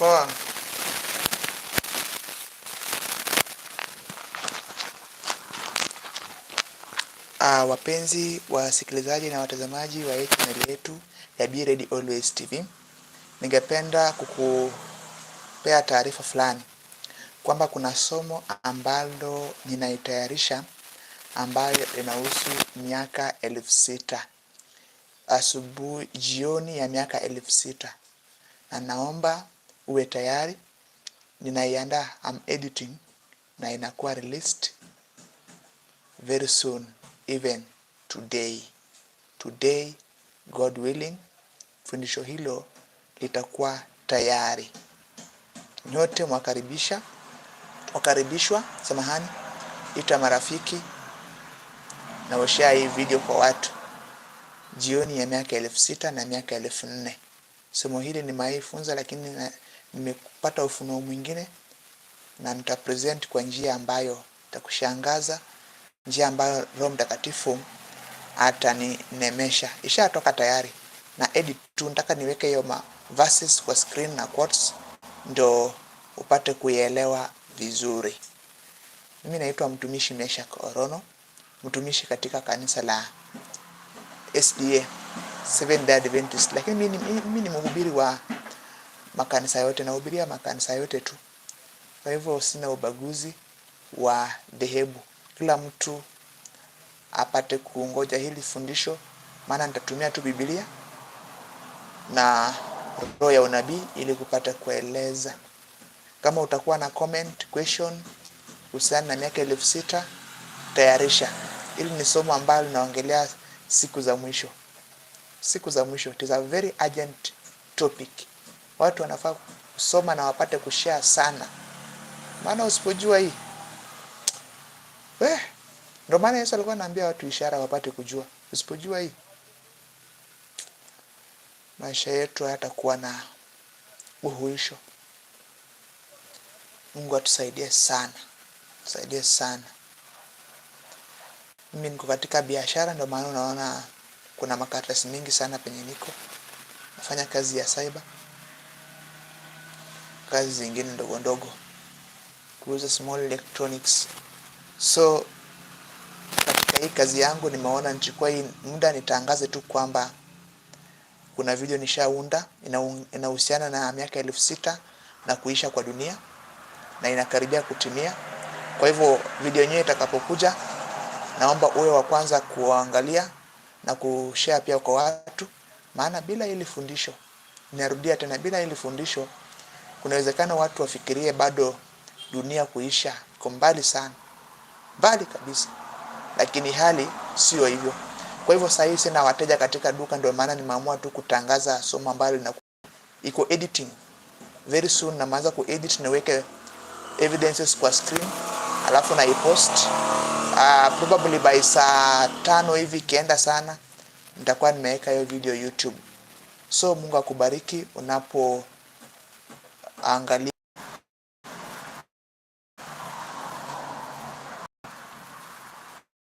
fun. Uh, wapenzi wasikilizaji na watazamaji wa chaneli yetu ya Be Ready Always TV, ningependa kukupea taarifa fulani kwamba kuna somo ambalo ninaitayarisha ambayo inahusu miaka elfu sita asubuhi, jioni ya miaka elfu sita na naomba uwe tayari. Ninaiandaa, I'm editing na inakuwa released very soon even today. Today God willing, fundisho hilo litakuwa tayari. Nyote mwakaribisha wakaribishwa, samahani. Ita marafiki na washare hii video kwa watu. Jioni ya miaka elfu sita na miaka elfu nne somo hili nimaifunza lakini nimepata ufunuo mwingine na nitapresent kwa njia ambayo takushangaza, njia ambayo Roho Mtakatifu ataninemesha. Ishatoka tayari na edit tu, nataka niweke hiyo ma verses kwa screen na quotes, ndo upate kuielewa vizuri. Mimi naitwa mtumishi mesha Orono, mtumishi katika kanisa la SDA. Seventh-day Adventist, lakini mimi ni mhubiri wa makanisa yote, nahubiria makanisa yote tu. Kwa hivyo sina ubaguzi wa dhehebu, kila mtu apate kuongoja hili fundisho, maana nitatumia tu Biblia na roho ya unabii ili kupata kueleza. Kama utakuwa na comment question kuhusiana na miaka elfu sita tayarisha, ili ni somo ambalo linaongelea siku za mwisho siku za mwisho. It is a very urgent topic. Watu wanafaa kusoma na wapate kushare sana, maana usipojua hii eh, ndio maana Yesu alikuwa anaambia watu ishara wapate kujua. Usipojua hii maisha yetu hayatakuwa na uhuisho. Mungu atusaidie sana, tusaidie sana. Mimi niko katika biashara, ndio maana unaona kuna makaratasi mengi sana penye niko nafanya kazi ya cyber, kazi zingine ndogo ndogo kuuza small electronics. So katika hii kazi yangu nimeona nichukua hii muda nitangaze tu kwamba kuna video nishaunda inahusiana na miaka elfu sita na kuisha kwa dunia na inakaribia kutimia. Kwa hivyo video yenyewe itakapokuja, naomba uwe wa kwanza kuangalia na kushare pia kwa watu, maana bila hili fundisho, narudia tena, bila hili fundisho kuna uwezekano watu wafikirie bado dunia kuisha iko mbali sana, mbali kabisa, lakini hali sio hivyo. Kwa hivyo sasa hivi sina wateja katika duka, ndio maana nimeamua tu kutangaza somo ambalo lina iko editing very soon, na maanza kuedit niweke evidences kwa screen alafu na ipost uh, probably by saa tano hivi ikienda sana, nitakuwa nimeweka hiyo video YouTube. So Mungu akubariki unapoangalia.